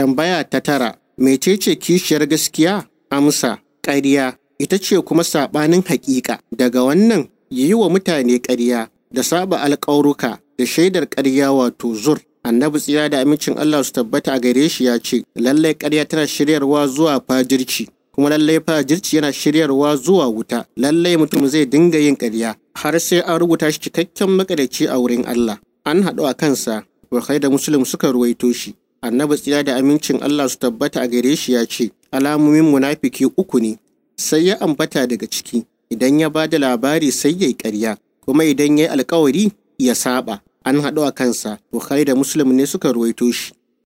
Tambaya ta tara, ce, kishiyar gaskiya? Amsa, ƙarya, ita ce kuma saɓanin haƙiƙa. Daga wannan, yi wa mutane ƙarya da saba alƙauruka da shaidar ƙarya wato zur. Annabi tsira da amincin Allah su tabbata a gare shi ya ce, lallai ƙarya tana shiryarwa zuwa fajirci, kuma lallai fajirci yana shiryarwa zuwa wuta, lallai mutum zai dinga yin ƙarya har sai an rubuta shi cikakken makadaci a wurin Allah. An haɗu a kansa, Bukhari da Musulun suka ruwaito shi. annabi tsira da amincin Allah su tabbata a gare shi ya ce alamomin munafiki uku ne sai ya ambata daga ciki idan ya ba da labari sai ya yi ƙarya kuma idan ya yi alkawari ya saba an haɗu a kansa bukhari da muslim ne suka ruwaito shi